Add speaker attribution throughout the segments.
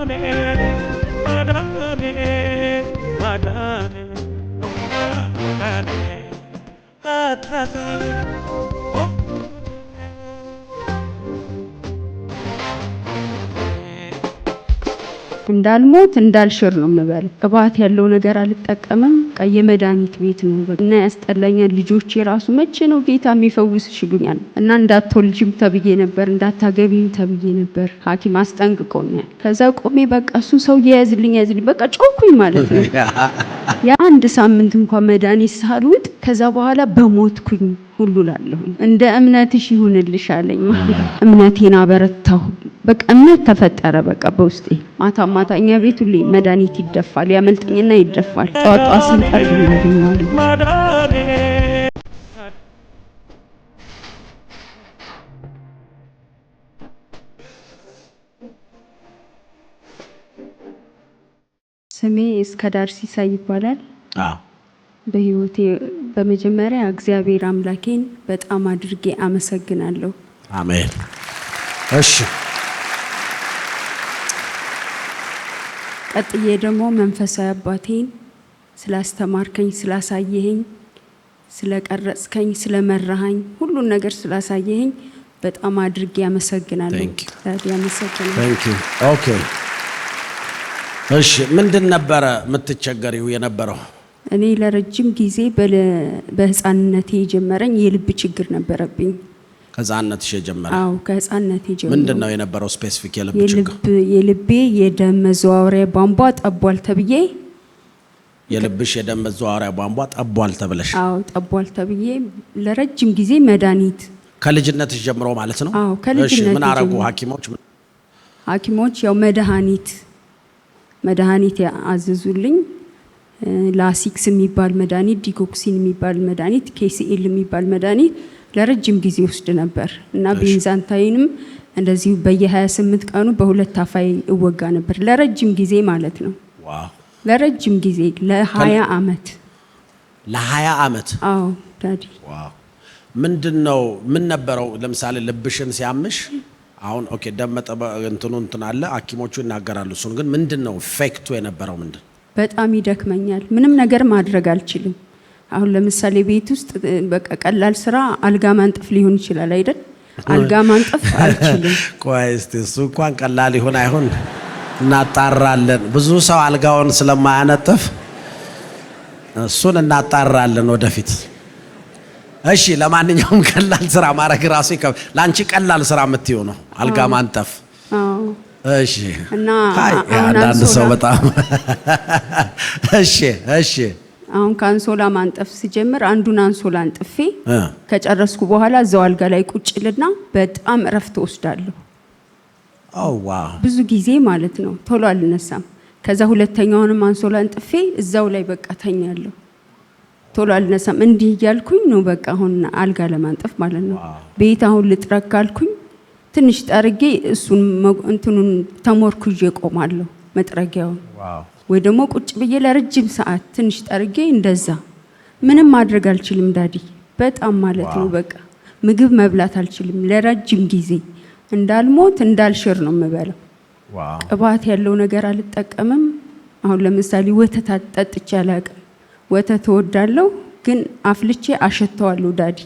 Speaker 1: ማዳኔ ማዳኔ ማዳኔ እንዳልሞት እንዳልሽር ነው የምበል። ቅባት ያለው ነገር አልጠቀምም። በቃ የመድኃኒት ቤት ነው እና ያስጠላኛል። ልጆች የራሱ መቼ ነው ጌታ የሚፈውስ ሽሉኛል እና እንዳትወልጂም ተብዬ ነበር፣ እንዳታገቢም ተብዬ ነበር። ሐኪም አስጠንቅቆኛል። ከዛ ቆሜ በቃ እሱ ሰው የያዝልኝ ያዝልኝ በቃ ጮኩኝ ማለት ነው። የአንድ ሳምንት እንኳ መድኃኒት ሳልውጥ ከዛ በኋላ በሞትኩኝ ሁሉ ላለሁኝ እንደ እምነትሽ ይሁንልሽ አለኝ። እምነቴን አበረታሁ። በቃ እምነት ተፈጠረ። በቃ በውስጤ ማታ ማታ እኛ ቤት ሁሌ መድኃኒት ይደፋል፣ ያመልጠኝና ይደፋል። ጠዋት ጠዋት ስንጠር
Speaker 2: ስሜ እስከ ዳር ሲሳይ ይባላል። በህይወቴ በመጀመሪያ እግዚአብሔር አምላኬን በጣም አድርጌ አመሰግናለሁ።
Speaker 3: አሜን። እሺ
Speaker 2: ቀጥዬ ደግሞ መንፈሳዊ አባቴን ስላስተማርከኝ፣ ስላሳየኸኝ፣ ስለቀረጽከኝ፣ ስለመራሃኝ ሁሉን ነገር ስላሳየኸኝ በጣም አድርጌ ያመሰግናለሁ።
Speaker 3: እሺ፣ ምንድን ነበረ የምትቸገሪው የነበረው?
Speaker 2: እኔ ለረጅም ጊዜ በህፃንነቴ የጀመረኝ የልብ ችግር ነበረብኝ።
Speaker 3: ከህፃነት የጀመረ? አዎ ከህፃነት የጀመረ። ምንድን ነው የነበረው ስፔሲፊክ የልብ ችግር?
Speaker 2: የልቤ የደም መዘዋወሪያ ቧንቧ ጠቧል ተብዬ
Speaker 3: የልብሽ የደም መዘዋወሪያ ቧንቧ ጠቧል ተብለሽ?
Speaker 2: አዎ ጠቧል ተብዬ ለረጅም ጊዜ መድኃኒት
Speaker 3: ከልጅነት ጀምሮ ማለት ነው? አዎ ከልጅነት። ምን አረጉ ሐኪሞች?
Speaker 2: ሐኪሞች ያው መድኃኒት መድኃኒት አዘዙልኝ ላሲክስ የሚባል መድኃኒት፣ ዲኮክሲን የሚባል መድኃኒት፣ ኬሲኤል የሚባል መድኃኒት ለረጅም ጊዜ ውስድ ነበር እና ቤንዛንታይንም እንደዚሁ በየ28 ቀኑ በሁለት አፋይ እወጋ ነበር ለረጅም ጊዜ ማለት ነው። ለረጅም ጊዜ ለ20 ዓመት
Speaker 3: ለ20 ዓመት።
Speaker 2: አዎ ዳዲ
Speaker 3: ምንድን ነው ምን ነበረው? ለምሳሌ ልብሽን ሲያምሽ አሁን ኦኬ ደም መጠበ እንትኑ እንትን አለ ሐኪሞቹ ይናገራሉ። እሱን ግን ምንድን ነው ፌክቱ የነበረው ምንድን
Speaker 2: በጣም ይደክመኛል፣ ምንም ነገር ማድረግ አልችልም አሁን ለምሳሌ ቤት ውስጥ በቃ ቀላል ስራ አልጋ ማንጠፍ ሊሆን ይችላል አይደል? አልጋ ማንጠፍ አልችልም።
Speaker 3: ቆይ እስቲ እሱ እንኳን ቀላል ይሁን አይሁን እናጣራለን። ብዙ ሰው አልጋውን ስለማያነጥፍ እሱን እናጣራለን ወደፊት። እሺ፣ ለማንኛውም ቀላል ስራ ማድረግ ራሱ ይከብ ለአንቺ ቀላል ስራ የምትይው ነው አልጋ ማንጠፍ። እሺ። እና አንዳንድ ሰው በጣም እሺ፣ እሺ
Speaker 2: አሁን ከአንሶላ ማንጠፍ ሲጀምር አንዱን አንሶላ አንጥፌ ከጨረስኩ በኋላ እዛው አልጋ ላይ ቁጭልና በጣም እረፍት ወስዳለሁ። ብዙ ጊዜ ማለት ነው። ቶሎ አልነሳም። ከዛ ሁለተኛውንም አንሶላ አንጥፌ እዛው ላይ በቃ ተኛለሁ። ቶሎ አልነሳም። እንዲህ እያልኩኝ ነው በቃ አሁን አልጋ ለማንጠፍ ማለት ነው። ቤት አሁን ልጥረግ ካልኩኝ ትንሽ ጠርጌ እሱን እንትኑን ተሞርኩ ይዤ እቆማለሁ መጥረጊያውን ወይ ደግሞ ቁጭ ብዬ ለረጅም ሰዓት ትንሽ ጠርጌ እንደዛ ምንም ማድረግ አልችልም ዳዲ። በጣም ማለት ነው በቃ ምግብ መብላት አልችልም ለረጅም ጊዜ። እንዳልሞት እንዳልሽር ነው የምበለው። ቅባት ያለው ነገር አልጠቀምም። አሁን ለምሳሌ ወተት አጠጥቼ አላቅም። ወተት እወዳለሁ ግን አፍልቼ አሸተዋለሁ ዳዲ።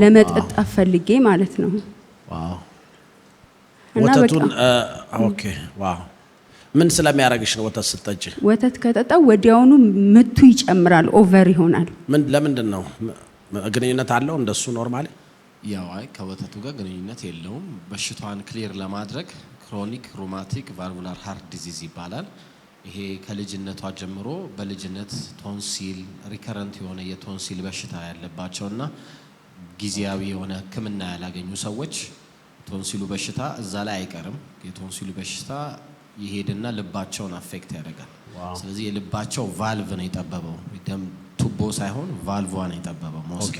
Speaker 2: ለመጠጥ አፈልጌ ማለት ነው
Speaker 3: ኦኬ ዋው ምን ስለሚያደርግሽ ነው ወተት ስጠጭ?
Speaker 2: ወተት ከጠጣ ወዲያውኑ ምቱ ይጨምራል፣ ኦቨር ይሆናል።
Speaker 3: ምን ለምንድን ነው ግንኙነት አለው እንደሱ? ኖርማሊ
Speaker 4: ያው አይ ከወተቱ ጋር ግንኙነት የለውም። በሽታዋን ክሊር ለማድረግ ክሮኒክ ሩማቲክ ቫልቡላር ሃርት ዲዚዝ ይባላል። ይሄ ከልጅነቷ ጀምሮ በልጅነት ቶንሲል ሪከረንት የሆነ የቶንሲል በሽታ ያለባቸውና ጊዜያዊ የሆነ ሕክምና ያላገኙ ሰዎች ቶንሲሉ በሽታ እዛ ላይ አይቀርም። የቶንሲሉ በሽታ ይሄድና ልባቸውን አፌክት ያደርጋል። ስለዚህ የልባቸው ቫልቭ ነው የጠበበው፣ ደም ቱቦ ሳይሆን ቫልቭ ነው የጠበበው። ሞስት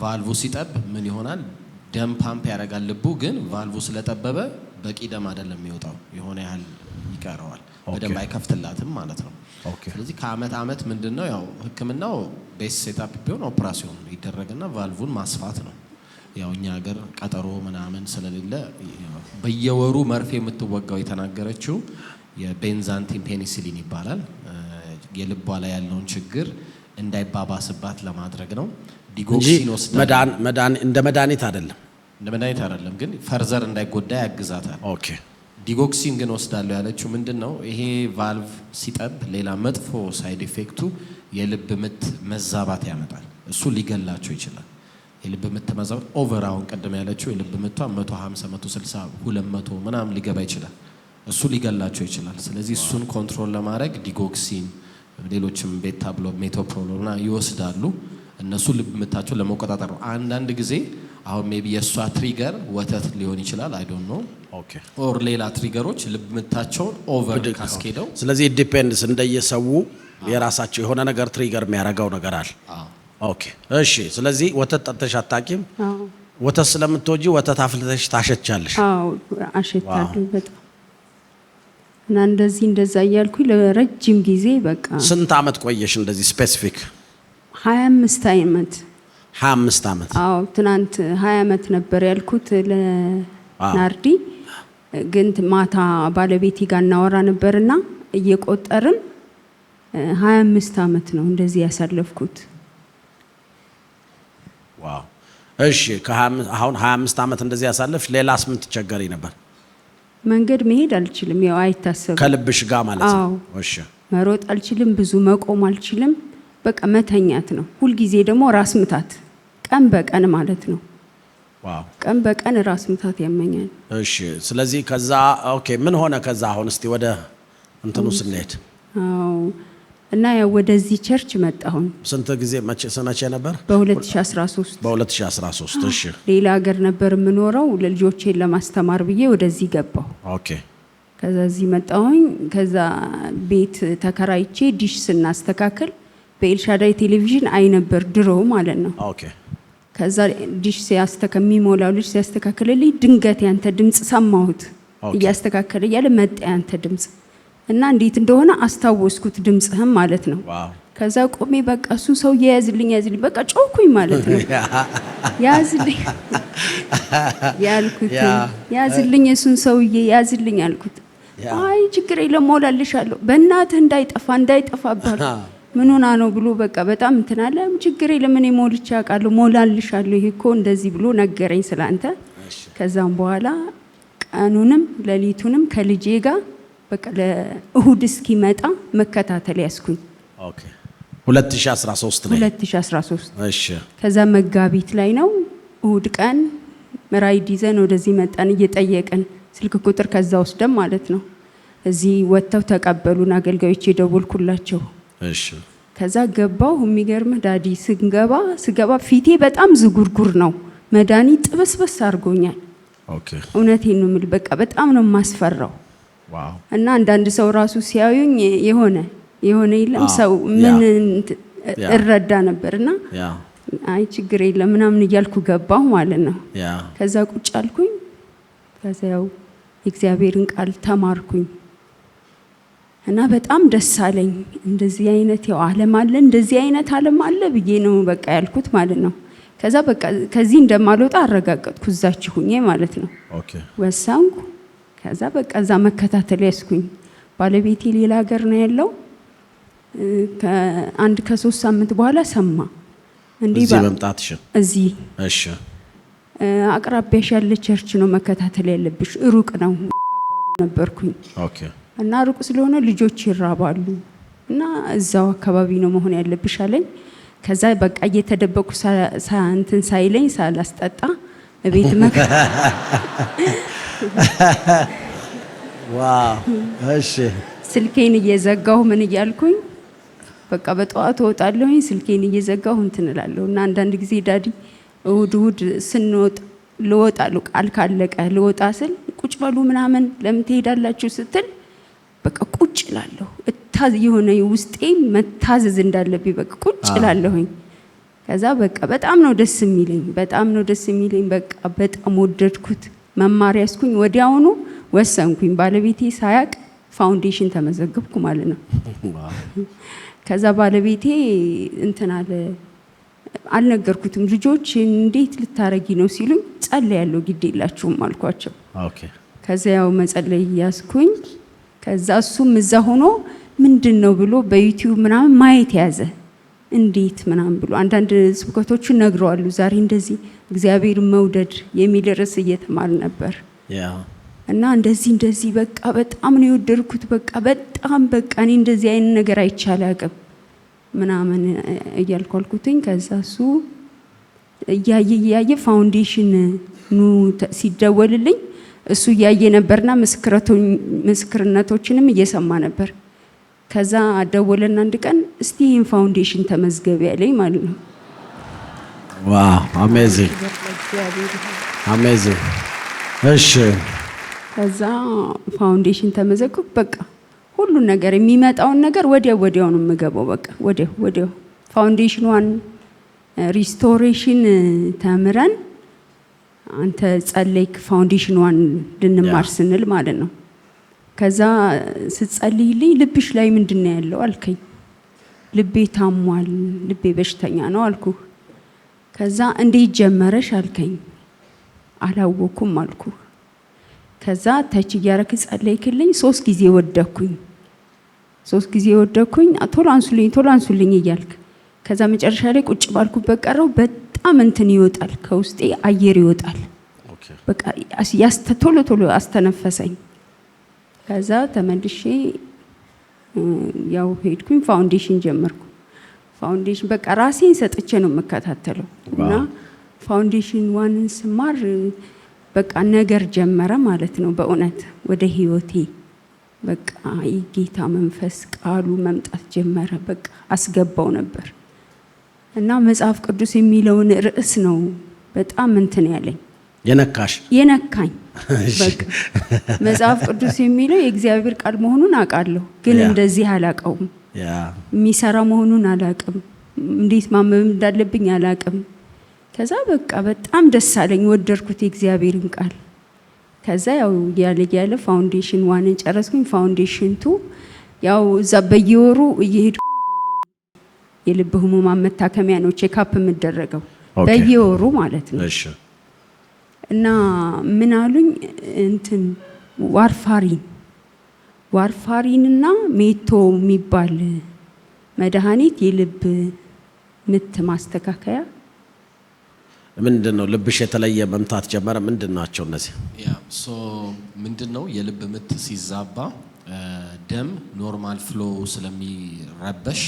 Speaker 4: ቫልቭ ሲጠብ ምን ይሆናል? ደም ፓምፕ ያደርጋል ልቡ፣ ግን ቫልቭ ስለጠበበ በቂ ደም አይደለም የሚወጣው፣ የሆነ ያህል ይቀረዋል። በደንብ አይከፍትላትም ማለት ነው። ስለዚህ ከአመት አመት ምንድን ነው ያው ህክምናው ቤስ ሴታፕ ቢሆን ኦፕራሲዮን ይደረግና ቫልቭን ማስፋት ነው። ያው እኛ ሀገር ቀጠሮ ምናምን ስለሌለ በየወሩ መርፌ የምትወጋው የተናገረችው የቤንዛንቲን ፔኒሲሊን ይባላል። የልቧ ላይ ያለውን ችግር እንዳይባባስባት ለማድረግ ነው። ዲጎክሲን
Speaker 3: እንደ መድኃኒት አይደለም፣
Speaker 4: እንደ መድኃኒት አይደለም፣ ግን ፈርዘር እንዳይጎዳ ያግዛታል። ኦኬ ዲጎክሲን ግን ወስዳለሁ ያለችው ምንድን ነው? ይሄ ቫልቭ ሲጠብ ሌላ መጥፎ ሳይድ ኢፌክቱ የልብ ምት መዛባት ያመጣል። እሱ ሊገላቸው ይችላል። የልብ ምት መዛባት ኦቨር አሁን ቀደም ያለችው የልብ ምቷ 150 160 200 ምናምን ሊገባ ይችላል። እሱ ሊገላቸው ይችላል። ስለዚህ እሱን ኮንትሮል ለማድረግ ዲጎክሲን፣ ሌሎችም ቤታ ብሎ ሜቶፕሮሎና ይወስዳሉ። እነሱ ልብ ምታቸው ለመቆጣጠር ነው። አንዳንድ ጊዜ አሁን ሜቢ የእሷ ትሪገር ወተት ሊሆን ይችላል። አይ ዶንት ኖ ኦር ሌላ ትሪገሮች ልብ ምታቸውን ኦቨር ካስኬደው።
Speaker 3: ስለዚህ ዲፔንድስ እንደየሰው የራሳቸው የሆነ ነገር ትሪገር የሚያደርገው ነገር አለ። ኦኬ እሺ። ስለዚህ ወተት ጠጥተሽ አታውቂም? ወተት ስለምትወጂ ወተት አፍልተሽ ታሸቻለሽ?
Speaker 2: አዎ አሸቻለሁ በጣም እና እንደዚህ እንደዛ እያልኩኝ ለረጅም ጊዜ በቃ።
Speaker 3: ስንት አመት ቆየሽ እንደዚህ ስፔሲፊክ?
Speaker 2: 25 አመት
Speaker 3: 25 አመት።
Speaker 2: አዎ ትናንት 20 አመት ነበር ያልኩት ለናርዲ ግን ማታ ባለቤቴ ጋር እናወራ ነበርና እየቆጠርን 25 አመት ነው እንደዚህ ያሳለፍኩት።
Speaker 3: እሺ አሁን ሀያ አምስት ዓመት እንደዚህ ያሳለፍሽ፣ ሌላስ ምን ትቸገሪ ነበር?
Speaker 2: መንገድ መሄድ አልችልም። ያው አይታሰብም።
Speaker 3: ከልብሽ ጋር ማለት ነው። እሺ
Speaker 2: መሮጥ አልችልም፣ ብዙ መቆም አልችልም። በቃ መተኛት ነው። ሁልጊዜ ደግሞ ራስ ምታት ቀን በቀን ማለት ነው። ቀን በቀን ራስ ምታት ያመኛል።
Speaker 3: እሺ ስለዚህ ከዛ ኦኬ፣ ምን ሆነ ከዛ? አሁን እስቲ ወደ እንትኑ ስንሄድ
Speaker 2: እና ያው ወደዚህ ቸርች መጣሁን።
Speaker 3: ስንት ጊዜ መቼ ነበር?
Speaker 2: በ2013
Speaker 3: በ2013 እሺ።
Speaker 2: ሌላ ሀገር ነበር የምኖረው ለልጆቼን ለማስተማር ብዬ ወደዚህ ገባሁ። ኦኬ። ከዛ እዚህ መጣሁኝ። ከዛ ቤት ተከራይቼ ዲሽ ስናስተካክል በኤልሻዳይ ቴሌቪዥን አይ ነበር ድሮ ማለት ነው። ኦኬ። ከዛ ዲሽ ሲያስተካ የሚሞላው ልጅ ሲያስተካክልልኝ ድንገት ያንተ ድምፅ ሰማሁት። እያስተካከለ እያለ መጣ ያንተ ድምፅ እና እንዴት እንደሆነ አስታወስኩት ድምፅህም ማለት ነው። ከዛ ቆሜ በቃ እሱ ሰው የያዝልኝ ያዝልኝ በቃ ጮኩኝ ማለት ነው። ያዝልኝ ያልኩት ያዝልኝ እሱን ሰውዬ ያዝልኝ አልኩት። አይ ችግር የለም ሞላልሻለሁ፣ በእናትህ እንዳይጠፋ እንዳይጠፋብህ ምን ሆና ነው ብሎ በቃ በጣም እንትን አለ። ችግር የለም እኔ ሞልቼ አውቃለሁ፣ ሞላልሻለሁ፣ ይሄ እኮ እንደዚህ ብሎ ነገረኝ ስላንተ። ከዛም በኋላ ቀኑንም ሌሊቱንም ከልጄ ጋር በቃ ለእሁድ እስኪመጣ መከታተል ያስኩኝ።
Speaker 3: 2013
Speaker 2: ከዛ መጋቢት ላይ ነው እሁድ ቀን ራይድ ይዘን ወደዚህ መጣን፣ እየጠየቅን ስልክ ቁጥር ከዛ ወስደን ማለት ነው። እዚህ ወጥተው ተቀበሉን አገልጋዮች፣ የደወልኩላቸው ከዛ ገባው። የሚገርምህ ዳዲ ስንገባ ስገባ ፊቴ በጣም ዝጉርጉር ነው። መድኃኒት ጥብስብስ አድርጎኛል። እውነቴን ነው የምልህ። በቃ በጣም ነው የማስፈራው። እና አንዳንድ ሰው ራሱ ሲያዩኝ የሆነ የሆነ የለም ah, ሰው ምን እረዳ ነበር እና አይ ችግር የለም ምናምን እያልኩ ገባሁ ማለት ነው። ከዛ ቁጭ አልኩኝ። ከዛ ያው የእግዚአብሔርን ቃል ተማርኩኝ እና በጣም ደስ አለኝ። እንደዚህ አይነት ያው ዓለም አለ እንደዚህ አይነት ዓለም አለ ብዬ ነው በቃ ያልኩት ማለት ነው። ከዛ በቃ ከዚህ እንደማልወጣ አረጋገጥኩ እዛችሁኜ ማለት ነው ወሰንኩ። ከዛ በቃ እዛ መከታተል ያስኩኝ። ባለቤቴ ሌላ ሀገር ነው ያለው። አንድ ከሶስት ሳምንት በኋላ ሰማ
Speaker 3: እንዲህ መምጣትሽ እዚህ እሺ
Speaker 2: አቅራቢያሽ ያለ ቸርች ነው መከታተል ያለብሽ። ሩቅ ነው ነበርኩኝ እና ሩቅ ስለሆነ ልጆች ይራባሉ እና እዛው አካባቢ ነው መሆን ያለብሽ አለኝ። ከዛ በቃ እየተደበቁ እንትን ሳይለኝ ሳላስጠጣ ቤት እሺ ስልኬን እየዘጋሁ ምን እያልኩኝ በቃ በጠዋት እወጣለሁኝ ስልኬን እየዘጋሁ እንትን እላለሁ። እና አንዳንድ ጊዜ ዳዲ እሁድ እሁድ ስንወጣ ልወጣ ቃል ካለቀ ልወጣ ስል ቁጭ በሉ ምናምን ለምን ትሄዳላችሁ ስትል በቃ ቁጭ እላለሁ። እታዝ የሆነ ውስጤ መታዘዝ እንዳለብኝ በቃ ቁጭ እላለሁኝ። ከዛ በቃ በጣም ነው ደስ የሚለኝ፣ በጣም ነው ደስ የሚለኝ። በቃ በጣም ወደድኩት። መማር ያስኩኝ። ወዲያውኑ ወሰንኩኝ። ባለቤቴ ሳያቅ ፋውንዴሽን ተመዘገብኩ ማለት ነው። ከዛ ባለቤቴ እንትን አለ አልነገርኩትም። ልጆች እንዴት ልታረጊ ነው ሲሉኝ ጸልያለሁ፣ ግድ የላችሁም አልኳቸው። ከዛ ያው መጸለይ ያስኩኝ። ከዛ እሱም እዛ ሆኖ ምንድን ነው ብሎ በዩቲዩብ ምናምን ማየት ያዘ። እንዴት ምናምን ብሎ አንዳንድ ስብከቶቹ ነግረዋሉ። ዛሬ እንደዚህ እግዚአብሔር መውደድ የሚል ርዕስ እየተማር ነበር እና እንደዚህ እንደዚህ በቃ በጣም ነው የወደድኩት፣ በቃ በጣም በቃ እኔ እንደዚህ አይነት ነገር አይቻል አቅም ምናምን እያልኳልኩትኝ ከዛ እሱ እያየ እያየ ፋውንዴሽን ኑ ሲደወልልኝ እሱ እያየ ነበርና ምስክርነቶችንም እየሰማ ነበር። ከዛ ደወለና አንድ ቀን እስቲ ይህን ፋውንዴሽን ተመዝገብ ያለኝ ማለት ነው። እሺ ከዛ ፋውንዴሽን ተመዘግ በቃ ሁሉን ነገር የሚመጣውን ነገር ወዲያው ወዲያው ነው የምገባው። በቃ ወዲያው ወዲያው ፋውንዴሽኗን ሪስቶሬሽን ተምረን አንተ ጸለይክ ፋውንዴሽኗን ልንማር ስንል ማለት ነው ከዛ ስትጸልይልኝ ልብሽ ላይ ምንድን ነው ያለው አልከኝ። ልቤ ታሟል፣ ልቤ በሽተኛ ነው አልኩ። ከዛ እንዴት ጀመረሽ አልከኝ። አላወኩም አልኩ። ከዛ ተች እያረክ ጸለይክልኝ። ሶስት ጊዜ ወደኩኝ፣ ሶስት ጊዜ ወደኩኝ። ቶሎ አንሱልኝ፣ ቶሎ አንሱልኝ እያልክ ከዛ መጨረሻ ላይ ቁጭ ባልኩበት ቀረው። በጣም እንትን ይወጣል፣ ከውስጤ አየር ይወጣል። በቃ ቶሎ ቶሎ አስተነፈሰኝ። ከዛ ተመልሼ ያው ሄድኩኝ፣ ፋውንዴሽን ጀመርኩ። ፋውንዴሽን በቃ ራሴን ሰጥቼ ነው የምከታተለው እና ፋውንዴሽን ዋንን ስማር በቃ ነገር ጀመረ ማለት ነው። በእውነት ወደ ህይወቴ በቃ የጌታ መንፈስ ቃሉ መምጣት ጀመረ። በቃ አስገባው ነበር እና መጽሐፍ ቅዱስ የሚለውን ርዕስ ነው በጣም እንትን ያለኝ የነካሽ የነካኝ መጽሐፍ ቅዱስ የሚለው የእግዚአብሔር ቃል መሆኑን አውቃለሁ፣ ግን እንደዚህ አላውቀውም። የሚሰራ መሆኑን አላውቅም። እንዴት ማንበብ እንዳለብኝ አላውቅም። ከዛ በቃ በጣም ደስ አለኝ፣ ወደድኩት የእግዚአብሔርን ቃል። ከዛ ያው እያለ እያለ ፋውንዴሽን ዋንን ጨረስኩኝ። ፋውንዴሽን ቱ ያው እዛ በየወሩ እየሄዱ የልብ ህሙማን መታከሚያ ነው ቼክአፕ የምደረገው በየወሩ ማለት ነው። እና ምን አሉኝ እንትን ዋርፋሪን ዋርፋሪንና ሜቶ የሚባል መድኃኒት የልብ ምት ማስተካከያ
Speaker 3: ምንድን ነው? ልብሽ የተለየ መምታት ጀመረ። ምንድን ናቸው እነዚህ?
Speaker 4: ምንድን ነው የልብ ምት ሲዛባ ደም ኖርማል ፍሎ ስለሚረበሽ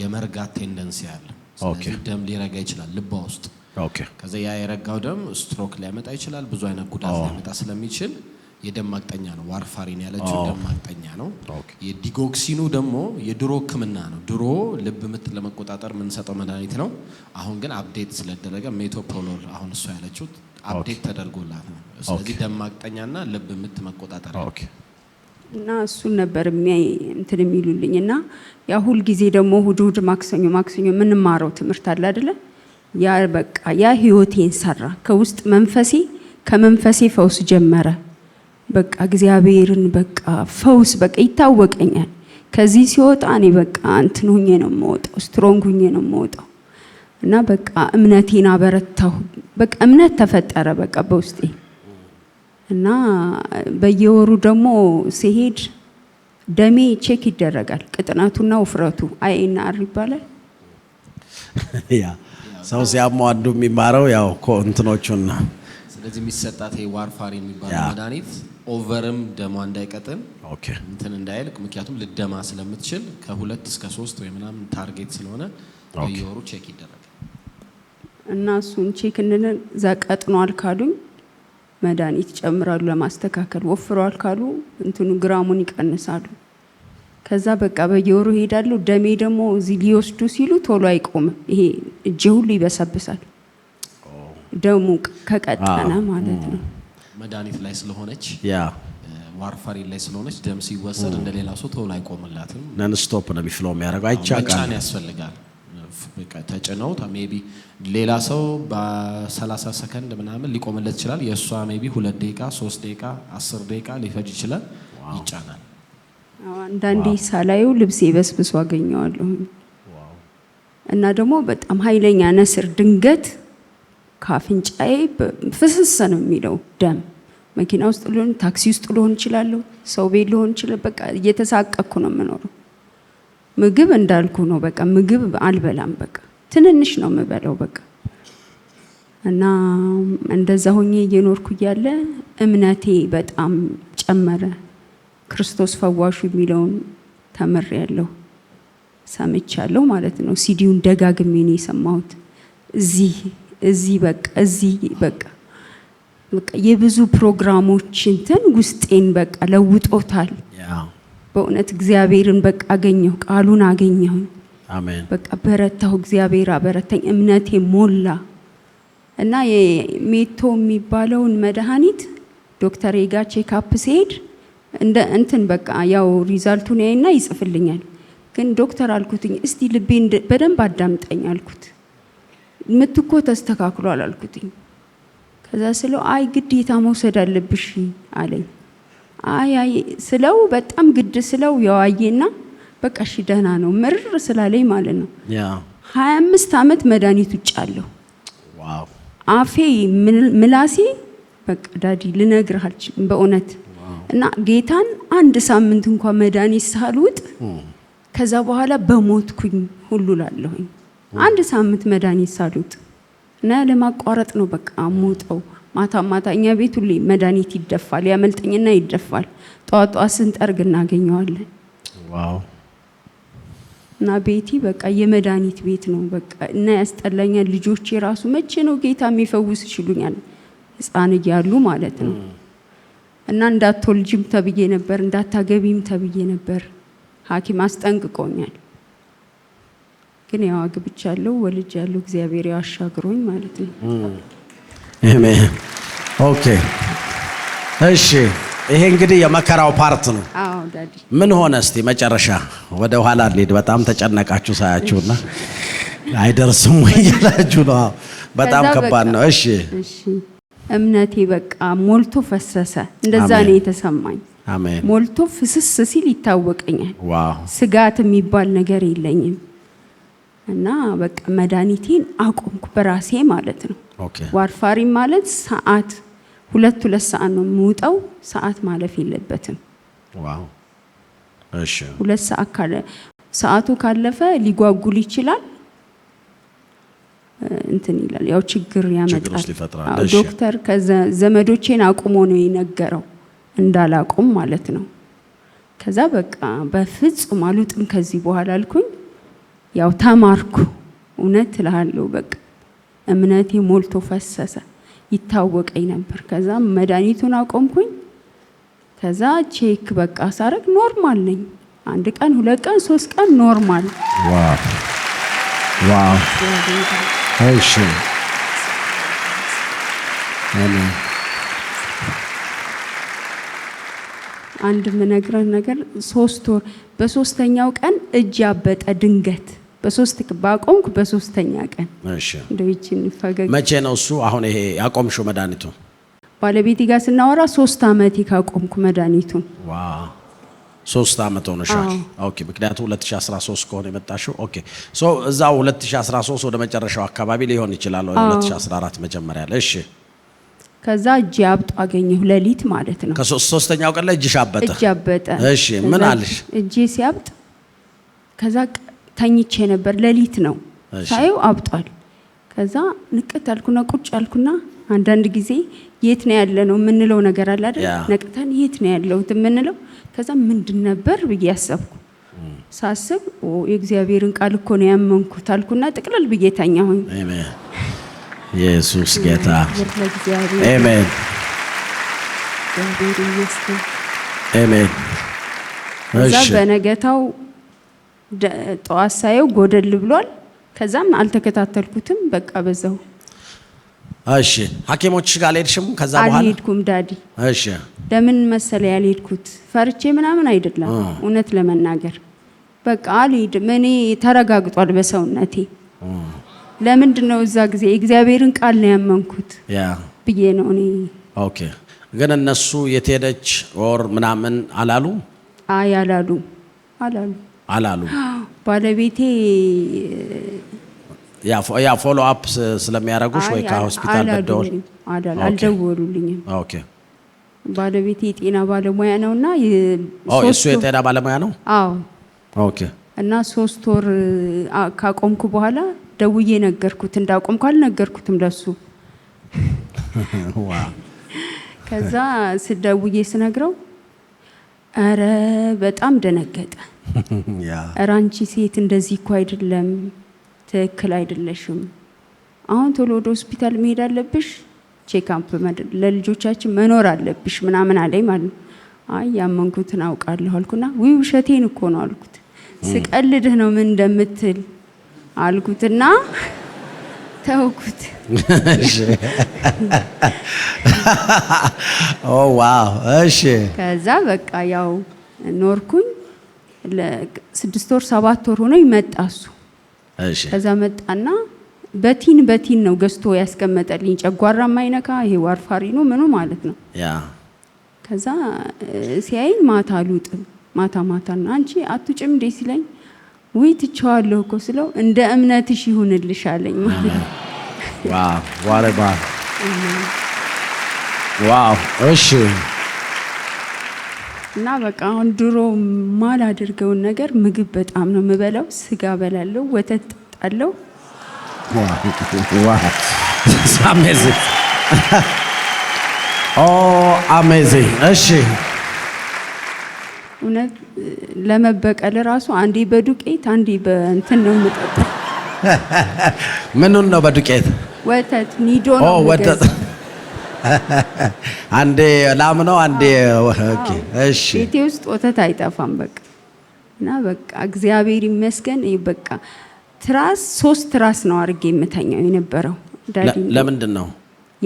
Speaker 4: የመርጋት ቴንደንሲ አለ። ስለዚህ ደም ሊረጋ ይችላል ልባ ውስጥ ከዚ ያ የረጋው ደም ስትሮክ ሊያመጣ ይችላል። ብዙ አይነት ጉዳት ሊያመጣ ስለሚችል የደም ማቅጠኛ ነው። ዋርፋሪን ያለችው ደም ማቅጠኛ ነው። የዲጎክሲኑ ደግሞ የድሮ ሕክምና ነው። ድሮ ልብ ምት ለመቆጣጠር የምንሰጠው መድኃኒት ነው። አሁን ግን አፕዴት ስለደረገ ሜቶፕሮሎል አሁን እሷ ያለችው አፕዴት ተደርጎላት ነው። ስለዚህ ደም ማቅጠኛና ልብ ምት መቆጣጠር
Speaker 2: እና እሱን ነበር የሚያይ እንትን የሚሉልኝ እና ያ ሁልጊዜ ደግሞ እሑድ እሑድ ማክሰኞ ማክሰኞ የምንማረው ትምህርት አለ አይደለ ያ በቃ ያ ህይወቴን ሰራ። ከውስጥ መንፈሴ ከመንፈሴ ፈውስ ጀመረ። በቃ እግዚአብሔርን በቃ ፈውስ በቃ ይታወቀኛል። ከዚህ ሲወጣ እኔ በቃ እንትን ሁኜ ነው የምወጣው፣ ስትሮንግ ሁኜ ነው የምወጣው። እና በቃ እምነቴን አበረታሁ። በቃ እምነት ተፈጠረ በቃ በውስጤ እና በየወሩ ደግሞ ሲሄድ ደሜ ቼክ ይደረጋል። ቅጥነቱና ውፍረቱ አይኤንአር ይባላል።
Speaker 3: ሰው ሲያሞ አንዱ የሚማረው ያው እንትኖቹና
Speaker 4: ስለዚህ የሚሰጣት ዋርፋር የሚባለው መድኃኒት ኦቨርም ደሟ እንዳይቀጥን እንትን እንዳይልቅ፣ ምክንያቱም ልደማ ስለምትችል ከሁለት እስከ ሶስት ወይ ምናምን ታርጌት ስለሆነ በየወሩ ቼክ ይደረጋል
Speaker 2: እና እሱን ቼክ እንልን እዛ ቀጥኗል ካሉኝ መድኃኒት ይጨምራሉ ለማስተካከል፣ ወፍረዋል ካሉ እንትኑ ግራሙን ይቀንሳሉ። ከዛ በቃ በየወሩ ይሄዳሉ። ደሜ ደግሞ እዚህ ሊወስዱ ሲሉ ቶሎ አይቆምም። ይሄ እጄ ሁሉ ይበሰብሳል። ደሙ ከቀጠነ ማለት ነው።
Speaker 4: መድኃኒት ላይ ስለሆነች ያ ዋርፋሪ ላይ ስለሆነች ደም ሲወሰድ እንደ ሌላ ሰው ቶሎ አይቆምላትም።
Speaker 3: ነን ስቶፕ ነው የሚፍለው የሚያደርገው
Speaker 4: አይቻቃል ያስፈልጋል። ተጭነው ሜቢ ሌላ ሰው በ30 ሰከንድ ምናምን ሊቆምለት ይችላል። የእሷ ሜቢ ሁለት ደቂቃ ሶስት ደቂቃ አስር ደቂቃ ሊፈጅ ይችላል። ይጫናል
Speaker 2: አንዳንዴ ሳላየው ልብሴ በስብሶ አገኘዋለሁ። እና ደግሞ በጣም ኃይለኛ ነስር ድንገት ከአፍንጫዬ ፍስስ ነው የሚለው ደም። መኪና ውስጥ ልሆን፣ ታክሲ ውስጥ ልሆን እችላለሁ፣ ሰው ቤት ልሆን እችላለሁ። በቃ እየተሳቀኩ ነው የምኖረው። ምግብ እንዳልኩ ነው፣ በቃ ምግብ አልበላም። በቃ ትንንሽ ነው የምበላው። በቃ እና እንደዛ ሆኜ እየኖርኩ እያለ እምነቴ በጣም ጨመረ። ክርስቶስ ፈዋሹ የሚለውን ተምር ያለው ሰምቻለሁ ማለት ነው። ሲዲውን ደጋግሜ ነው የሰማሁት። እዚህ እዚህ በቃ እዚህ በቃ በቃ የብዙ ፕሮግራሞች እንትን ውስጤን በቃ ለውጦታል። በእውነት እግዚአብሔርን በቃ አገኘሁ፣ ቃሉን አገኘሁ። አሜን። በቃ በረታሁ፣ እግዚአብሔር አበረታኝ፣ እምነቴ ሞላ እና የሜቶ የሚባለውን መድኃኒት ዶክተር ጋ ቼክ አፕ ሲሄድ እንደ እንትን በቃ ያው ሪዛልቱን ያይና ይጽፍልኛል። ግን ዶክተር አልኩትኝ እስቲ ልቤ በደንብ አዳምጠኝ አልኩት። ምትኮ ተስተካክሏል አልኩትኝ። ከዛ ስለው አይ ግዴታ መውሰድ አለብሽ አለኝ። አይ አይ ስለው በጣም ግድ ስለው የዋዬና በቃ እሺ ደህና ነው ምርር ስላለኝ ማለት ነው። ሀያ አምስት ዓመት መድኃኒት ውጭ አለሁ። አፌ ምላሴ በቃ ዳዲ ልነግርህ አልችልም በእውነት እና ጌታን አንድ ሳምንት እንኳን መድኃኒት ሳልውጥ ከዛ በኋላ በሞትኩኝ ሁሉ ላለሁኝ አንድ ሳምንት መድኃኒት ሳልውጥ እና ለማቋረጥ ነው በቃ ሞጠው ማታ ማታ እኛ ቤት ሁሌ መድኃኒት ይደፋል፣ ያመልጠኝና ይደፋል። ጠዋት ጠዋት ስንጠርግ እናገኘዋለን። እና ቤቲ በቃ የመድኃኒት ቤት ነው በቃ እና ያስጠላኛል። ልጆች የራሱ መቼ ነው ጌታ የሚፈውስ ይችሉኛል፣ ህፃን እያሉ ማለት ነው እና እንዳትወልጅም ተብዬ ነበር፣ እንዳታገቢም ተብዬ ነበር። ሐኪም አስጠንቅቆኛል። ግን ያው አግብቻለሁ፣ ወልጃለሁ። እግዚአብሔር ያው አሻግሮኝ ማለት ነው።
Speaker 3: ኦኬ እሺ። ይሄ እንግዲህ የመከራው ፓርት ነው። ምን ሆነ? እስቲ መጨረሻ ወደ ኋላ እንሂድ። በጣም ተጨነቃችሁ ሳያችሁና አይደርስም ወይ እያላችሁ ነው። በጣም ከባድ ነው። እሺ
Speaker 2: እምነቴ በቃ ሞልቶ ፈሰሰ። እንደዛ ነው የተሰማኝ። ሞልቶ ፍስስ ሲል ይታወቀኛል። ስጋት የሚባል ነገር የለኝም እና በቃ መድኃኒቴን አቆምኩ በራሴ ማለት ነው። ዋርፋሪን ማለት ሰዓት ሁለት ሁለት ሰዓት ነው የምውጠው። ሰዓት ማለፍ የለበትም። ሁለት ሰዓት ካለ ሰዓቱ ካለፈ ሊጓጉል ይችላል። እንትን ይላል ያው ችግር ያመጣል። ዶክተር ዘመዶቼን አቁሞ ነው የነገረው እንዳላቁም ማለት ነው። ከዛ በቃ በፍጹም አልውጥም ከዚህ በኋላ አልኩኝ። ያው ተማርኩ። እውነት እልሃለሁ በቃ እምነቴ ሞልቶ ፈሰሰ። ይታወቀኝ ነበር። ከዛ መድኃኒቱን አቆምኩኝ። ከዛ ቼክ በቃ ሳረግ ኖርማል ነኝ። አንድ ቀን፣ ሁለት ቀን፣ ሶስት ቀን ኖርማል እሺ አንድ ምነግረህ ነገር ሶስት ወር በሶስተኛው ቀን እጅ ያበጠ ድንገት በሶስት ባቆምኩ በሶስተኛ ቀን እንደችን ፈገግ
Speaker 3: መቼ ነው እሱ? አሁን ይሄ ያቆምሽው መድኃኒቱ
Speaker 2: ባለቤቴ ጋር ስናወራ ሶስት አመቴ ካቆምኩ መድኃኒቱን
Speaker 3: ሶስት ዓመት ሆነሻል። ኦኬ ምክንያቱም 2013 ከሆነ የመጣሽው ኦኬ። ሶ እዛ 2013 ወደ መጨረሻው አካባቢ ሊሆን ይችላል፣ 2014 መጀመሪያ ላይ። እሺ
Speaker 2: ከዛ እጅ አብጦ አገኘሁ፣ ሌሊት ማለት ነው።
Speaker 3: ከሶስተኛው ቀን ላይ እጅሽ አበጠ። እጅ አበጠ። እሺ ምን አለሽ?
Speaker 2: እጅ ሲያብጥ ከዛ ተኝቼ ነበር፣ ሌሊት ነው ሳየው፣ አብጧል። ከዛ ንቅት አልኩና ቁጭ አልኩና አንዳንድ ጊዜ የት ነው ያለ ነው የምንለው ነገር አለ አይደል? ነቅተን የት ነው ያለሁት የምንለው ከዛ ምንድን ነበር ብዬ አሰብኩ ሳስብ የእግዚአብሔርን ቃል እኮ ነው ያመንኩት አልኩና ጥቅልል ብዬ ተኛሁኝ።
Speaker 3: ኢየሱስ ጌታ አሜን፣ አሜን። እዛ
Speaker 2: በነገታው ጠዋት ሳየው ጎደል ብሏል። ከዛም አልተከታተልኩትም፣ በቃ በዛው
Speaker 3: እሺ ሐኪሞች ጋር አልሄድሽም? ከዛ
Speaker 2: በኋላ አልሄድኩም ዳዲ። እሺ ለምን መሰለ ያልሄድኩት ፈርቼ ምናምን አይደለም፣ እውነት ለመናገር በቃ አልሄድም። እኔ ተረጋግጧል በሰውነቴ። ለምንድን ነው እዛ ጊዜ እግዚአብሔርን ቃል ነው ያመንኩት ብዬ ነው እኔ።
Speaker 3: ኦኬ ግን እነሱ የት ሄደች ወር ምናምን አላሉ?
Speaker 2: አይ አላሉ አላሉ
Speaker 3: አላሉ ባለቤቴ ያ ፎሎ አፕ ስለሚያደርጉሽ ወይ ከሆስፒታል መደወል አልደወሉልኝም። ኦኬ
Speaker 2: ባለቤት የጤና ባለሙያ ነው እና
Speaker 3: እሱ የጤና ባለሙያ ነው። አዎ ኦኬ።
Speaker 2: እና ሶስት ወር ካቆምኩ በኋላ ደውዬ ነገርኩት፣ እንዳቆምኩ አልነገርኩትም ለሱ። ከዛ ስደውዬ ስነግረው ኧረ በጣም ደነገጠ። ኧረ አንቺ ሴት እንደዚህ እኮ አይደለም ትክክል አይደለሽም፣ አሁን ቶሎ ወደ ሆስፒታል መሄድ አለብሽ፣ ቼክአፕ ለልጆቻችን መኖር አለብሽ ምናምን አለኝ ማለት ነው። አይ ያመንኩትን አውቃለሁ አልኩና ውይ ውሸቴን እኮ ነው አልኩት። ስቀልድህ ነው ምን እንደምትል አልኩትና ተውኩት። እሺ። ከዛ በቃ ያው ኖርኩኝ። ስድስት ወር ሰባት ወር ሆኖ ይመጣሱ ከዛ መጣና በቲን በቲን ነው ገዝቶ ያስቀመጠልኝ። ጨጓራ ማይነካ ይሄ ዋርፋሪ ነው ምኑ ማለት ነው። ከዛ ሲያይኝ ማታ አልውጥም ማታ ማታ ና አንቺ አትውጭም እንዴ ሲለኝ ውይ ትቸዋለሁ እኮ ስለው እንደ እምነትሽ ይሁንልሽ አለኝ።
Speaker 3: ዋው ዋው! እሺ
Speaker 2: እና በቃ አሁን ድሮ ማላደርገውን ነገር ምግብ በጣም ነው የምበላው። ስጋ በላለው ወተት ጠጣለሁ። እሺ እውነት ለመበቀል ራሱ አንዴ በዱቄት አንዴ በእንትን ነው የምጠጣው።
Speaker 3: ምኑን ነው በዱቄት?
Speaker 2: ወተት ኒዶ
Speaker 3: ነው። አንዴ ላም ነው አንዴ እሺ።
Speaker 2: ቤቴ ውስጥ ወተት አይጠፋም። በቃ እና በቃ እግዚአብሔር ይመስገን። በቃ ትራስ ሶስት ትራስ ነው አድርጌ የምተኛው የነበረው።
Speaker 3: ለምንድን ነው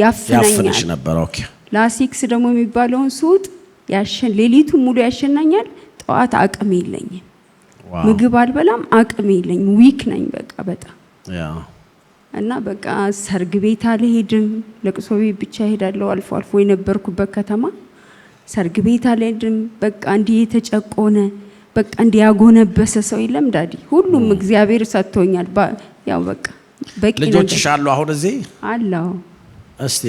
Speaker 3: ያፍነኛል ነበር። ኦኬ
Speaker 2: ላሲክስ ደግሞ የሚባለውን ስውጥ ያሸን ሌሊቱን ሙሉ ያሸናኛል። ጠዋት አቅም የለኝም፣ ምግብ አልበላም፣ አቅም የለኝም። ዊክ ነኝ በቃ በጣም እና በቃ ሰርግ ቤት አልሄድም፣ ለቅሶ ቤት ብቻ እሄዳለሁ። አልፎ አልፎ የነበርኩበት ከተማ ሰርግ ቤት አልሄድም። በቃ እንዲህ የተጨቆነ በቃ እንዲህ ያጎነበሰ ሰው የለም ዳዲ። ሁሉም እግዚአብሔር ሰጥቶኛል። ያው በቃ
Speaker 3: በቂ ነው። ልጆችሽ አሉ አሁን እዚህ አለው። እስቲ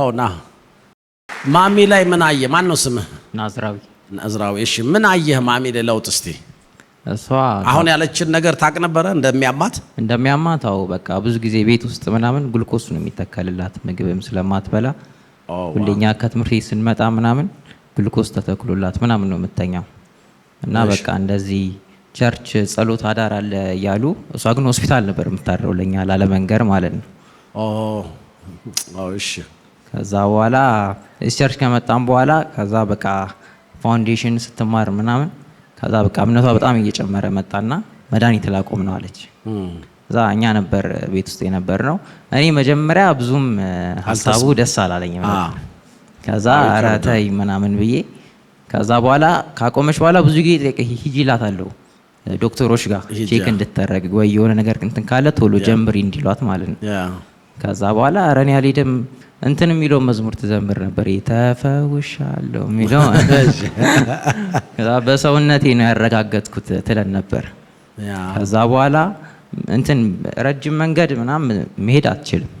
Speaker 3: ኦ ና ማሚ ላይ ምን አየህ? ማን ነው ስምህ? ናዝራዊ ናዝራዊ። እሺ ምን አየህ ማሚ ላይ ለውጥ እስቲ እሷ አሁን ያለችን ነገር ታቅ ነበረ እንደሚያማት
Speaker 5: እንደሚያማት። አው በቃ ብዙ ጊዜ ቤት ውስጥ ምናምን ግሉኮስ ነው የሚተከልላት ምግብም ስለማትበላ ሁሌኛ ከትምህርት ስንመጣ ምናምን ግሉኮስ ተተክሎላት ምናምን ነው የምተኛው። እና በቃ እንደዚህ ቸርች ጸሎት አዳር አለ እያሉ እሷ ግን ሆስፒታል ነበር የምታድረው ለኛ ላለመንገር ማለት ነው። እሺ ከዛ በኋላ ቸርች ከመጣም በኋላ ከዛ በቃ ፋውንዴሽን ስትማር ምናምን ከዛ በቃ እምነቷ በጣም እየጨመረ መጣና መድኃኒት ላቆም ነው አለች። እዛ እኛ ነበር ቤት ውስጥ የነበር ነው። እኔ መጀመሪያ ብዙም ሀሳቡ ደስ አላለኝም። ከዛ ኧረ ምናምን ብዬ ከዛ በኋላ ካቆመች በኋላ ብዙ ጊዜ ሂጂ እላታለሁ ዶክተሮች ጋር ቼክ እንድታረግ ወይ የሆነ ነገር እንትን ካለ ቶሎ ጀምሪ እንዲሏት ማለት ነው። ከዛ በኋላ ረን ያልሄድም እንትን የሚለው መዝሙር ትዘምር ነበር። ተፈውሻለሁ የሚለው በሰውነቴ ነው ያረጋገጥኩት ትለን ነበር። ከዛ በኋላ እንትን ረጅም መንገድ ምናምን መሄድ አትችልም።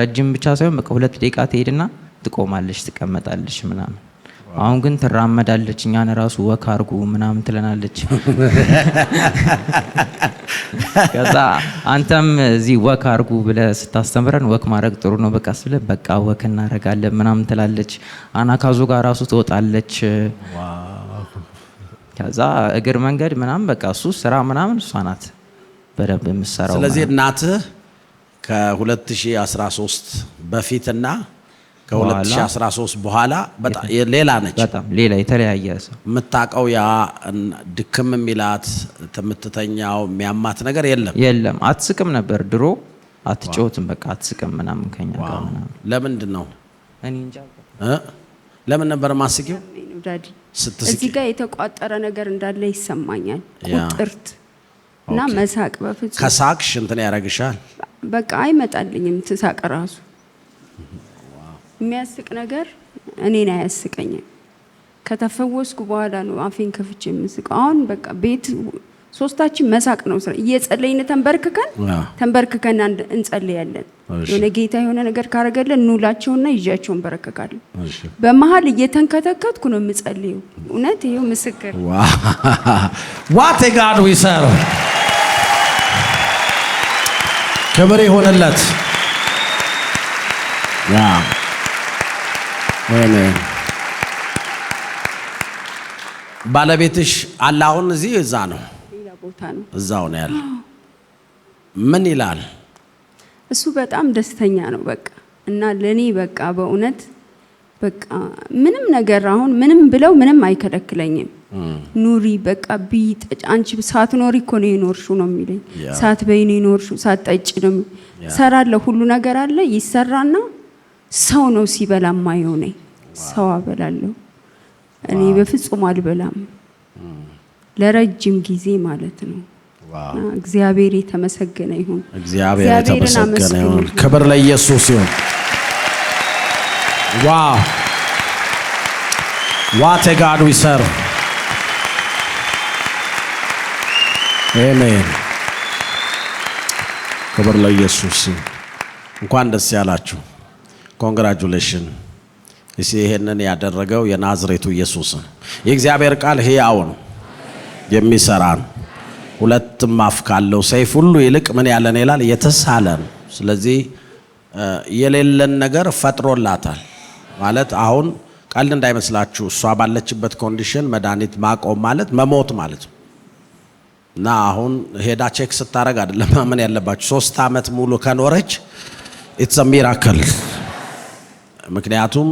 Speaker 5: ረጅም ብቻ ሳይሆን በቃ ሁለት ደቂቃ ትሄድና ትቆማለሽ፣ ትቀመጣለሽ ምናምን አሁን ግን ትራመዳለች፣ እኛን ራሱ ወክ አርጉ ምናምን ትለናለች። ከዛ አንተም እዚህ ወክ አርጉ ብለህ ስታስተምረን ወክ ማድረግ ጥሩ ነው በቃ ስለ በቃ ወክ እናደርጋለን ምናምን ትላለች። አናካዞ ጋር ራሱ ትወጣለች። ከዛ እግር መንገድ ምናምን በቃ እሱ ስራ ምናምን እሷ ናት በደንብ የምሰራው።
Speaker 3: ስለዚህ እናትህ ከ2013 በፊትና ከ2013 በኋላ ሌላ ነች።
Speaker 5: በጣም ሌላ የተለያየ ሰው
Speaker 3: የምታውቀው ያ ድክም የሚላት የምትተኛው የሚያማት ነገር የለም
Speaker 5: የለም። አትስቅም ነበር ድሮ። አትጫወትም በቃ አትስቅም ምናምን ከኛ ጋር ምናምን።
Speaker 3: ለምንድን ነው ለምን ነበር ማስቂው? እዚህ
Speaker 2: ጋር የተቋጠረ ነገር እንዳለ ይሰማኛል። ቁጥርት እና መሳቅ በፍጹም
Speaker 3: ከሳቅሽ እንትን ያደርግሻል።
Speaker 2: በቃ አይመጣልኝም ትሳቅ ራሱ የሚያስቅ ነገር እኔን አያስቀኝም። ከተፈወስኩ በኋላ ነው አፌን ከፍቼ የምስቀው። አሁን በቃ ቤት ሶስታችን መሳቅ ነው ስራ እየጸለይን ተንበርክከን ተንበርክከን አንድ እንጸልያለን። የሆነ ጌታ የሆነ ነገር ካረገለን ኑላቸውና ይዣቸውን በረከካለሁ። በመሀል እየተንከተከትኩ ነው የምጸልየው። እውነት ይሄው ምስክር
Speaker 3: ዋት ጋድ ዊ ክብር ይሆንለት። ባለቤትሽ አለ አሁን እዚህ እዛ ነው እዛው ነው ያለ። ምን ይላል
Speaker 2: እሱ? በጣም ደስተኛ ነው በቃ እና ለኔ በቃ በእውነት በቃ ምንም ነገር አሁን ምንም ብለው ምንም አይከለክለኝም። ኑሪ በቃ ቢጠጭ አንቺ ኖሪ እኮ ነው የኖርሽው ነው የሚለኝ። ሳትበይ ነው የኖርሽው፣ ጠጭ ነው ሰራለሁ። ሁሉ ነገር አለ ይሰራና ሰው ነው ሲበላ ማየው ነኝ። ሰው አበላለሁ እኔ በፍጹም አልበላም። ለረጅም ጊዜ ማለት ነው። እግዚአብሔር የተመሰገነ ይሁን።
Speaker 3: እግዚአብሔር የተመሰገነ ይሁን። ክብር ለኢየሱስ ይሁን። ዋው ዋት ጋድ ዊ ሰርቭ። አሜን። ክብር ለኢየሱስ። እንኳን ደስ ያላችሁ። ኮንግራጁሌሽን እስ ይሄንን ያደረገው የናዝሬቱ ኢየሱስ ነው። የእግዚአብሔር ቃል ሕያው ነው፣ የሚሰራ ነው። ሁለትም አፍ ካለው ሰይፍ ሁሉ ይልቅ ምን ያለን ይላል የተሳለ ነው። ስለዚህ የሌለን ነገር ፈጥሮላታል ማለት አሁን ቀልድ እንዳይመስላችሁ እሷ ባለችበት ኮንዲሽን መድኃኒት ማቆም ማለት መሞት ማለት ነው። እና አሁን ሄዳ ቼክ ስታደርግ አይደለም ማመን ያለባችሁ ሶስት ዓመት ሙሉ ከኖረች ኢትስ ሚራክል ምክንያቱም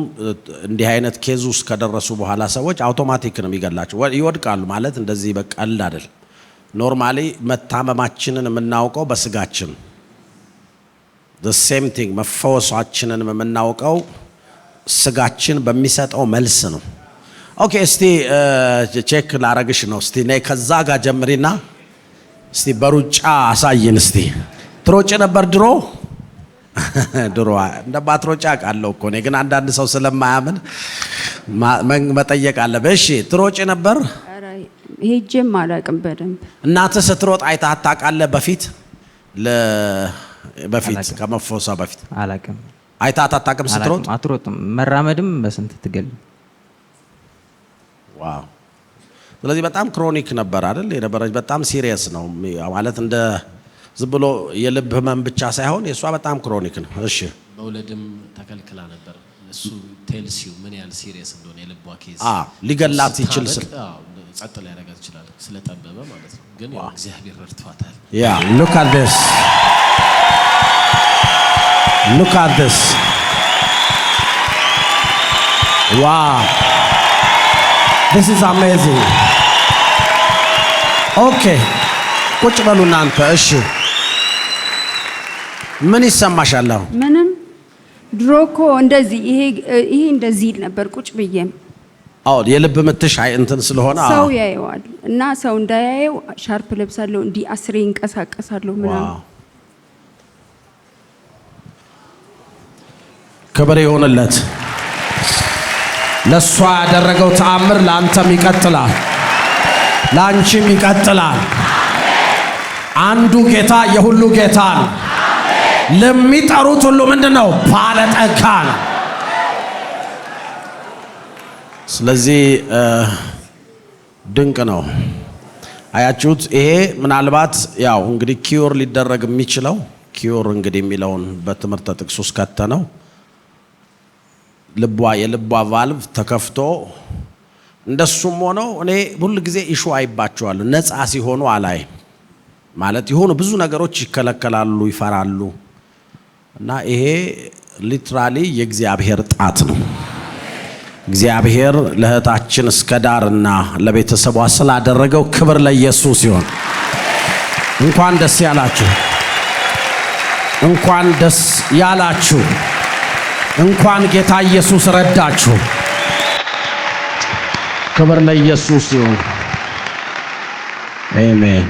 Speaker 3: እንዲህ አይነት ኬዝ ውስጥ ከደረሱ በኋላ ሰዎች አውቶማቲክ ነው የሚገላቸው፣ ይወድቃሉ። ማለት እንደዚህ በቀል አይደል። ኖርማሊ መታመማችንን የምናውቀው በስጋችን፣ ሴም ቲንግ መፈወሷችንን የምናውቀው ስጋችን በሚሰጠው መልስ ነው። ኦኬ እስቲ ቼክ ላረግሽ ነው። እስቲ ነይ ከዛ ጋር ጀምሪና እስቲ በሩጫ አሳይን። እስቲ ትሮጭ ነበር ድሮ ድሮ እንደ ባትሮጫ ቃለው እኮ እኔ ግን አንዳንድ ሰው ስለማያምን መጠየቅ አለ። እሺ ትሮጭ ነበር?
Speaker 2: ሄጄም አላውቅም በደንብ።
Speaker 3: እናትህ ስትሮጥ አይታ ታውቃለህ? በፊት በፊት ከመፎሷ በፊት አላውቅም። አይታ አታውቅም ስትሮጥ?
Speaker 5: አትሮጥም። መራመድም በስንት ትገል።
Speaker 3: ዋው ስለዚህ በጣም ክሮኒክ ነበር አይደል? የነበረች በጣም ሲሪየስ ነው ማለት እንደ ዝም ብሎ የልብ ህመም ብቻ ሳይሆን የእሷ በጣም ክሮኒክ ነው። እሺ
Speaker 4: መውለድም ተከልክላ ነበር። እሱ ቴልሲው ምን ያህል ሲሪየስ እንደሆነ የልቧ ኬዝ
Speaker 3: ሊገላት ይችል ስል
Speaker 4: ጸጥ ላይ ያደርጋት ይችላል ስለጠበበ ማለት ነው። ግን እግዚአብሔር ረድቷታል።
Speaker 3: ያ ሉክ አት ዲስ ሉክ አት ዲስ ዋ ዲስ ኢዝ አሜዚንግ ኦኬ ቁጭ በሉ እናንተ እሺ። ምን ይሰማሻል አሁን?
Speaker 2: ምንም። ድሮ እኮ እንደዚህ ይሄ ይሄ እንደዚህ ይል ነበር ቁጭ ብዬም።
Speaker 3: አዎ የልብ ምትሽ አይ እንትን ስለሆነ
Speaker 2: ሰው ያየዋል እና ሰው እንዳያየው ሻርፕ ለብሳለሁ፣ እንዲህ አስሬ እንቀሳቀሳለሁ
Speaker 3: ምናምን። ክብር ይሆንለት። ለእሷ ያደረገው ተአምር ለአንተም ይቀጥላል፣ ለአንቺም ይቀጥላል። አንዱ ጌታ የሁሉ ጌታ ነው። ለሚጠሩት ሁሉ ምንድን ነው ባለጠጋ ነው። ስለዚህ ድንቅ ነው። አያችሁት? ይሄ ምናልባት ያው እንግዲህ ኪዮር ሊደረግ የሚችለው ኪዮር እንግዲህ የሚለውን በትምህርተ ጥቅስ ውስጥ ከተነው ልቧ የልቧ ቫልቭ ተከፍቶ እንደሱም ሆነው እኔ ሁል ጊዜ ኢሹ አይባቸዋለሁ ነፃ ሲሆኑ አላይ ማለት የሆኑ ብዙ ነገሮች ይከለከላሉ፣ ይፈራሉ። እና ይሄ ሊትራሊ የእግዚአብሔር ጣት ነው። እግዚአብሔር ለእህታችን እስከ ዳርና ለቤተሰቧ ስላደረገው ክብር ለኢየሱስ ሲሆን እንኳን ደስ ያላችሁ፣ እንኳን ደስ ያላችሁ፣ እንኳን ጌታ ኢየሱስ ረዳችሁ። ክብር ለኢየሱስ ይሁን። አሜን።